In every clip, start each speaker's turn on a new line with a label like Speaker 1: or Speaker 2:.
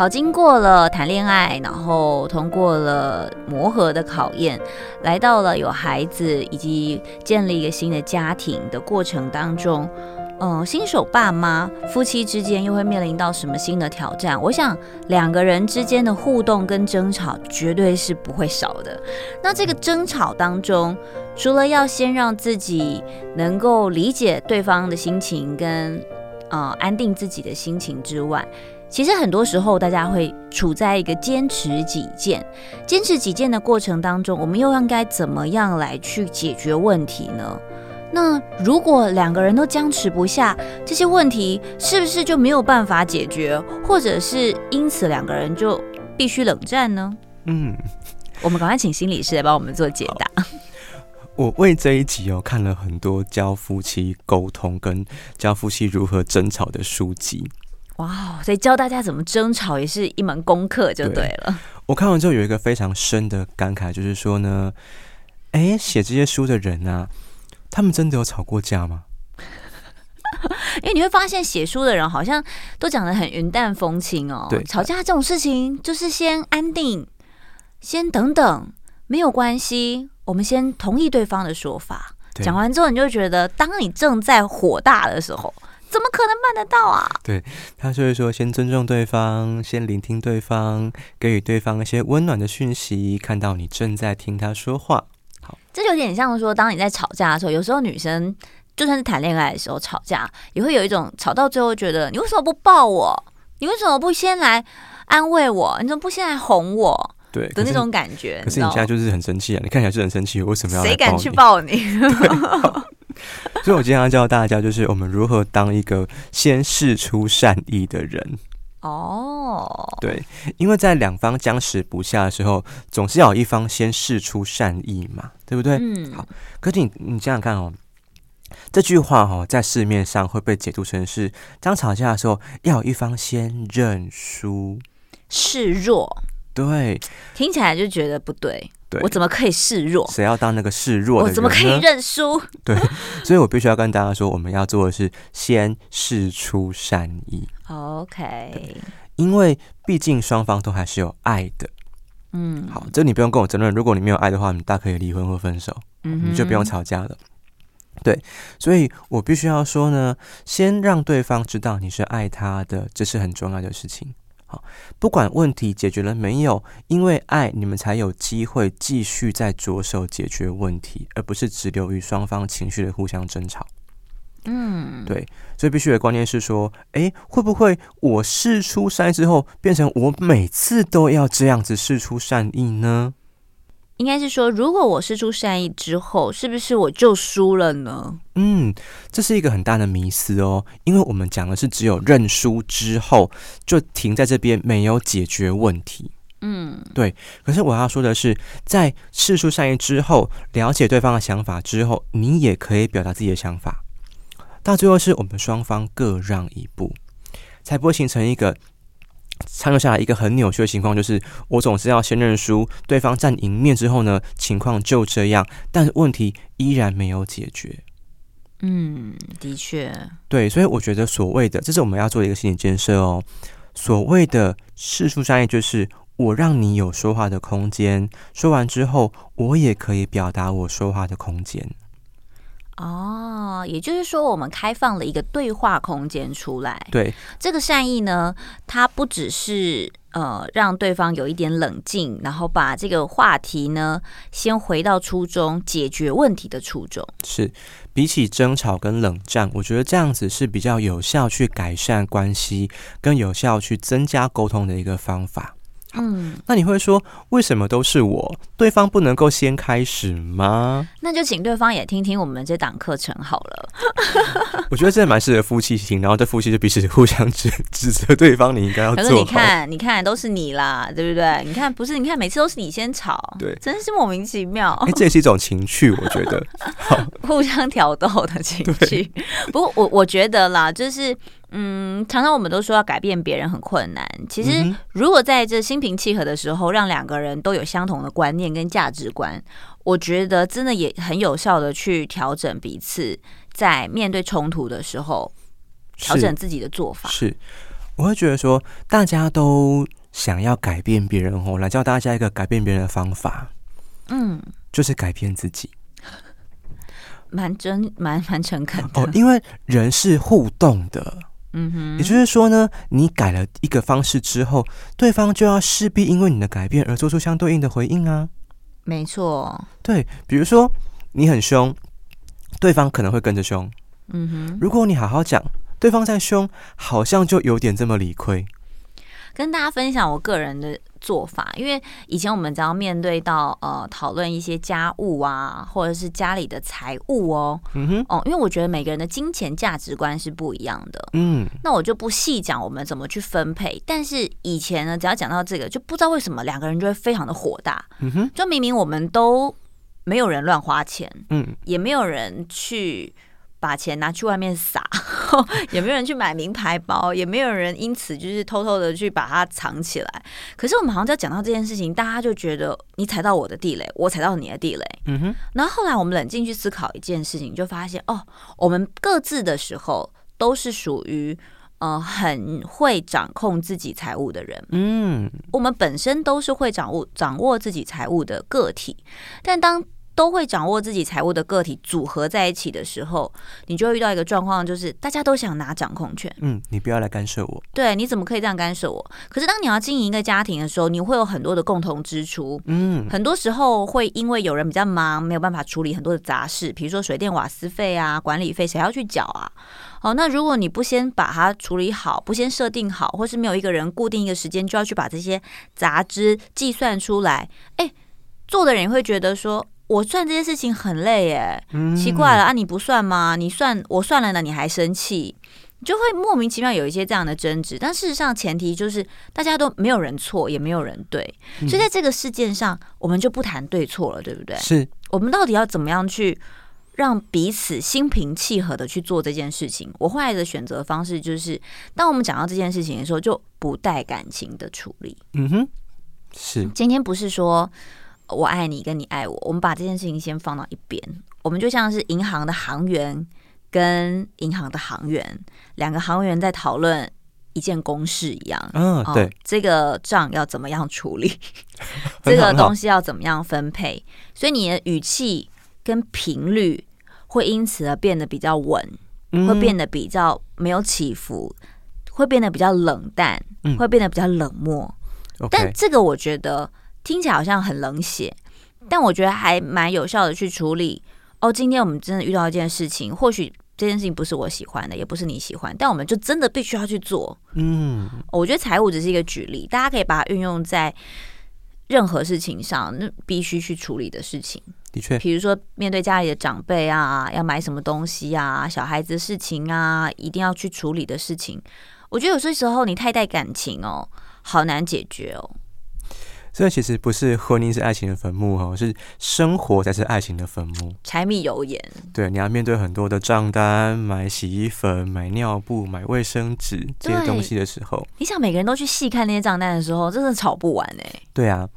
Speaker 1: 好，經過了談戀愛，然後通過了磨合的考驗，來到了有孩子以及建立一個新的家庭的過程當中。嗯、呃，新手爸媽夫妻之間又會面臨到什麼新的挑戰？我想兩個人之間的互動跟爭吵絕對是不會少的。那這個爭吵當中，除了要先讓自己能夠理解對方的心情跟，跟呃安定自己的心情之外，其實很多時候，大家會處在一個堅持己見、堅持己見的過程當中。我們又應該怎麼樣來去解決問題呢？那如果兩個人都僵持不下，這些問題是不是就沒有辦法解決，或者是因此兩個人就必須冷戰呢？嗯，我們趕快請心理師來幫我們做解答。
Speaker 2: 我為這一集哦，看了很多教夫妻溝通跟教夫妻如何爭吵的書籍。
Speaker 1: 哇，wow, 所以教大家怎麼爭吵也是一門功課，就對了
Speaker 2: 對。我看完之後有一個非常深的感慨，就是說呢，哎、欸，寫這些書的人啊，他們真的有吵過架嗎？
Speaker 1: 因為你會發現，寫書的人好像都講得很雲淡風輕哦、喔。對，吵架這種事情就是先安定，先等等，沒有關係，我們先同意對方的說法。講對完之後，你就覺得，當你正在火大的時候。怎麼可能辦得到啊？
Speaker 2: 對，他就會說，先尊重對方，先聆聽對方，給予對方一些溫暖的訊息，看到你正在聽他說話。
Speaker 1: 好，這就有點像說，當你在吵架的時候，有時候女生就算是談戀愛的時候吵架，也會有一種吵到最後覺得，你為什麼不抱我？你為什麼不先來安慰我？你怎麼不先來哄我？
Speaker 2: 對的那種
Speaker 1: 感覺。可是，可是你現在
Speaker 2: 就是很生氣啊！你看起來就很生氣，為什麼要？誰敢去抱你？ 對 所以，我今天要教大家，就是我們如何當一個先釋出善意的人
Speaker 1: 哦。Oh.
Speaker 2: 對，因為在兩方僵持不下的時候，總是要有一方先釋出善意嘛，對不對？嗯。好，可是你你想想看哦，這句話哈、哦，在市面上會被解讀成是，當吵架的時候要有一方先認輸示弱，對，
Speaker 1: 聽起來就覺得不對。
Speaker 2: 對我怎麼可以示弱？誰要當那個示弱的人？我怎麼可以認輸？ 對，所以我必須要跟大家說，我們要做的是先釋出善意。OK，因為畢竟雙方都還是有愛的。嗯，好，這你不用跟我爭論。如果你沒有愛的話，你大可以離婚或分手，嗯、哼你就不用吵架了。對，所以我必須要說呢，先讓對方知道你是愛他的，這是很重要的事情。好，不管問題解決了沒有，因為愛你們才有機會繼續再着手解決問題，而不是只留於雙方情緒的互相爭吵，嗯，對，所以必須的觀念是說，誒、欸，會不會我試出善意之後，變成我每次都要這樣子試出善意呢？
Speaker 1: 應該是說，如果我釋出善意之後，是不是我就輸了呢？嗯，
Speaker 2: 這是一個很大的迷思哦，因為我們講的是只有認輸之後就停在這邊，沒有解決問題。嗯，對。可是我要說的是，在釋出善意之後，了解對方的想法之後，你也可以表達自己的想法，到最後是我們雙方各讓一步，才不會形成一個。參照下來一個很扭曲的情況，就是我總是要先認輸，對方佔贏面之後呢，情況就這樣，但是問題依然沒有解決。
Speaker 1: 嗯，的確，
Speaker 2: 對，所以我覺得所謂的，這是我們要做的一個心理建設哦。所謂的世俗商業，就是我讓你有說話的空間，說完之後，我也可以表達我說話的空間。
Speaker 1: 哦，也就是說，我們開放了一個對話空間出來。對，這個善意呢，它不只是呃讓對方有一點冷靜，然後把這個話題呢先回到初衷，解決問題的初衷。
Speaker 2: 是，比起爭吵跟冷戰，我覺得這樣子是比較有效去改善關係，更有效去增加溝通的一個方法。嗯，那你會說為什麼都是我？對方不能夠先開始嗎？
Speaker 1: 那就請對方也聽聽我們這檔課程好了。
Speaker 2: 我覺得這蠻適合夫妻聽，然後這夫妻就彼此互相指指責對方，你應該要做。可是你看，
Speaker 1: 你看都是你啦，對不對？你看不是，你看每次都是你先吵，對，真是莫名其妙。哎，這也是
Speaker 2: 一種情趣，我覺得，
Speaker 1: 好互相挑逗的情趣。對不過我我覺得啦，就是。嗯，常常我們都說要改變別人很困難。其實，如果在這心平氣和的時候，讓兩個人都有相同的觀念跟價值觀，我覺得真的也很有效的去調整彼此在面對衝突的時候，
Speaker 2: 調整自
Speaker 1: 己的做法。
Speaker 2: 是，是，我會覺得說，大家都想要改變別人，我來教大家一個改變別人的方法。嗯，就是改變自己。
Speaker 1: 蠻真，蠻蠻誠懇
Speaker 2: 的。哦，因為人是互動的。嗯哼，也就是說呢，你改了一個方式之後，對方就要勢必因為你的改變而做出相對應的回應啊。
Speaker 1: 沒錯，
Speaker 2: 對，比如說你很兇，對方可能會跟着兇。嗯
Speaker 1: 哼，如
Speaker 2: 果你好好講，對方再兇，好像就有點這麼理虧。
Speaker 1: 跟大家分享我個人的做法，因為以前我們只要面對到呃討論一些家務啊，或者是家裡的財務哦，嗯哼，哦、呃，因為我覺得每個人的金錢價值觀是不一樣的，嗯，那我就不細講我們怎麼去分配，但是以前呢，只要講到這個，就不知道為什麼兩個人就會非常的火大，嗯哼，就明明我們都沒有人亂花錢，嗯，也沒有人去。把錢拿去外面撒， 也沒有人去買名牌包， 也沒有人因此就是偷偷的去把它藏起來。可是我們好像就講到這件事情，大家就覺得你踩到我的地雷，我踩到你的地雷。嗯哼。然後後來我們冷靜去思考一件事情，就發現哦，我們各自的時候都是屬於呃很會掌控自己財務的人。
Speaker 2: 嗯，
Speaker 1: 我們本身都是會掌握掌握自己財務的個體，但當都會掌握自己財務的個體組合在一起的時候，你就會遇到一個狀況，就是大家都想拿掌控權。
Speaker 2: 嗯，你不要來干涉我。
Speaker 1: 對，你怎麼可以這樣干涉我？可是當你要經營一個家庭的時候，你會有很多的共同支出。嗯，很多時候會因為有人比較忙，沒有辦法處理很多的雜事，比如說水電瓦斯費啊、管理費，誰要去繳啊？哦，那如果你不先把它處理好，不先設定好，或是沒有一個人固定一個時間就要去把這些雜支計算出來，誒，做的人會覺得說，我算這件事情很累耶、欸，奇怪了啊！你不算嗎？你算我算了呢，你還生氣，你就會莫名其妙有一些這樣的爭執。但事實上，前提就是大家都沒有人錯，也沒有人對，所以在這個事件上，嗯、我們就不談對錯了，對不對？是我們到底要怎麼樣去讓彼此心平氣和的去做這件事情？我後來的選擇方式就是，當我們講到這件事情的時候，就不帶感情的處理。
Speaker 2: 嗯哼，是。
Speaker 1: 今天不是說。我愛你，跟你愛我，我們把這件事情先放到一邊。我們就像是銀行的行員跟銀行的行員兩個行員在討論一件公事一樣。嗯、啊，對，哦、這個賬要怎麼樣處理？好這個東西要怎麼樣分配？好所以你的語氣跟頻率會因此而變得比較穩，嗯、會變得比較沒有起伏，會變得比較冷淡，嗯、會變得比較冷漠。嗯、
Speaker 2: 但這
Speaker 1: 個我覺得。聽起來好像很冷血，但我覺得還蠻有效的去處理。哦，今天我們真的遇到一件事情，或許這件事情不是我喜歡的，也不是你喜歡，但我們就真的必須要去做。嗯、哦，我覺得財務只是一個舉例，大家可以把它運用在任何事情上，那必須去處理的事情。的確，比如說面對家裡的長輩啊，要買什麼東西啊，小孩子的事情啊，一定要去處理的事情。我覺得有些時候你太帶感情哦，好難解決哦。
Speaker 2: 所以其實不是婚姻是愛情的墳墓哈，是生活才是愛情的墳墓。
Speaker 1: 柴米油鹽，
Speaker 2: 對，你要面對很多的賬單，買洗衣粉、買尿布、買衛生紙這些東西的時候，
Speaker 1: 你想每個人都去細看那些賬單的時候，真的吵不完哎、欸。
Speaker 2: 對啊，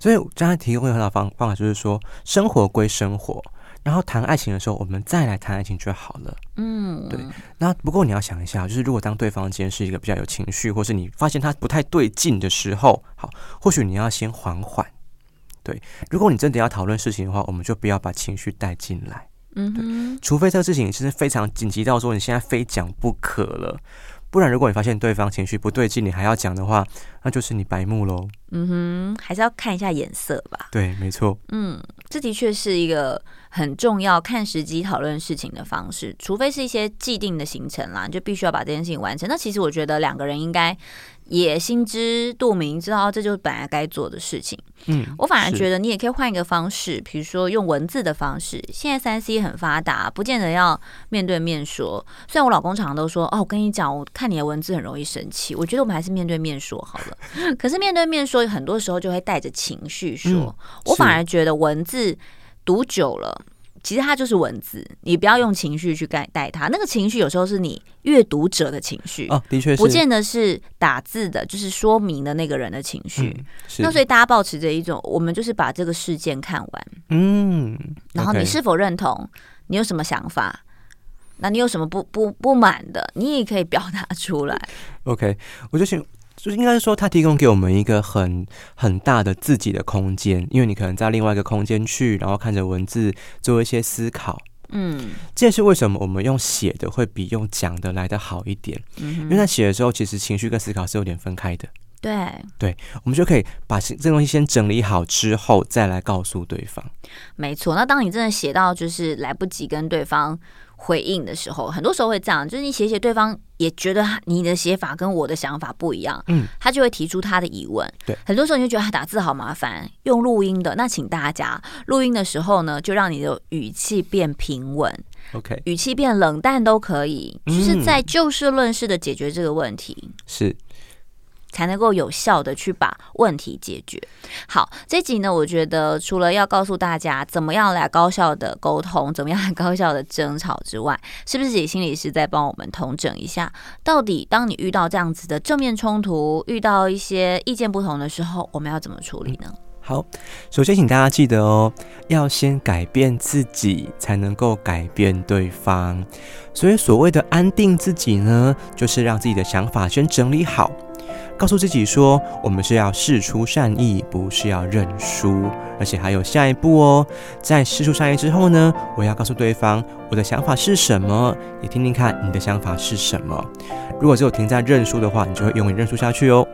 Speaker 2: 所以我剛才提供一個很好方方法，就是說生活歸生活，然後談愛情的時候，我們再來談愛情就好了。
Speaker 1: 嗯，對。
Speaker 2: 那不過你要想一下，就是如果當對方今天是一個比較有情緒，或是你發現他不太對勁的時候，好，或許你要先緩緩。對，如果你真的要討論事情的話，我們就不要把情緒帶進來。嗯哼，對，除非這個事情其實非常緊急到說你現在非講不可了，不然如果你發現對方情緒不對勁，你還要講的話，那就是你白目嘍。嗯
Speaker 1: 哼，還是要看一下眼色
Speaker 2: 吧。對，沒錯。嗯，
Speaker 1: 這的確是一個。很重要，看時機討論事情的方式，除非是一些既定的行程啦，就必須要把這件事情完成。那其實我覺得兩個人應該也心知肚明，知道、哦、這就是本來該做的事情。嗯，我反而覺得你也可以換一個方式，比是如說用文字的方式。現在三 C 很發達，不見得要面對面說。雖然我老公常常都說：“哦，我跟你講，我看你的文字很容易生氣。”我覺得我們還是面對面說好了。 可是面對面說，很多時候就會帶着情緒說。嗯、我反而覺得文字。讀久了，其實它就是文字，你不要用情緒去蓋代它。那個情緒有時候是你閱讀者的情緒啊、哦，的確，不見得是打字的，就是說明的那個人的情緒。嗯、那所以大家保持着一種，我們就是把這個事件看完，
Speaker 2: 嗯，然後你是
Speaker 1: 否認同？你有什麼想法？那、okay、你有什麼不不不滿的？你也可以表達出來。
Speaker 2: OK，我就請。就應該說，它提供給我們一個很很大的自己的空間，因為你可能在另外一個空間去，然後看着文字做一些思考。嗯，這也是為什麼我們用寫的會比用講的來得好一點。嗯哼，因為在寫的時候其實情緒跟思考是有點分開的。對，對，我們就可以把這東西先整理好之後再來告訴對方。
Speaker 1: 沒錯，那當你真的寫到，就是來不及跟對方回應的時候，很多時候會這樣，就是你寫寫，對方也覺得你的寫法跟我的想法不一樣，嗯，他就會提出他的疑問。對，很多時候你就覺得他打字好麻煩，用錄音的。那請大家錄音的時候呢，就讓你的語氣變平穩，OK，語氣變冷淡都可以，就，嗯，是在就事論事的解決這個問題。是。才能夠有效的去把問題解決。好，這集呢，我覺得除了要告訴大家怎麼樣來高效的溝通，怎麼樣來高效的爭吵之外，是不是李心理師在幫我們統整一下，到底當你遇到這樣子的正面衝突，遇到一些意見不同的時候，我們要怎麼處理呢？嗯、
Speaker 2: 好，首先請大家記得哦，要先改變自己，才能夠改變對方。所以所謂的安定自己呢，就是讓自己的想法先整理好。告訴自己說，我們是要釋出善意，不是要認輸，而且還有下一步哦。在釋出善意之後呢，我要告訴對方我的想法是什麼，也聽聽看你的想法是什麼。如果只有停在認輸的話，你就會永遠認輸下去哦。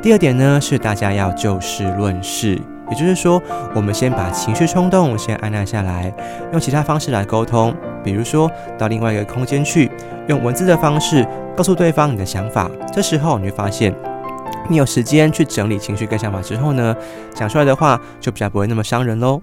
Speaker 2: 第二點呢，是大家要就事論事。也就是說，我們先把情緒衝動先按捺下來，用其他方式來溝通，比如說到另外一個空間去，用文字的方式告訴對方你的想法。這時候你會發現，你有時間去整理情緒跟想法之後呢，講出來的話就比較不會那麼傷人嘍。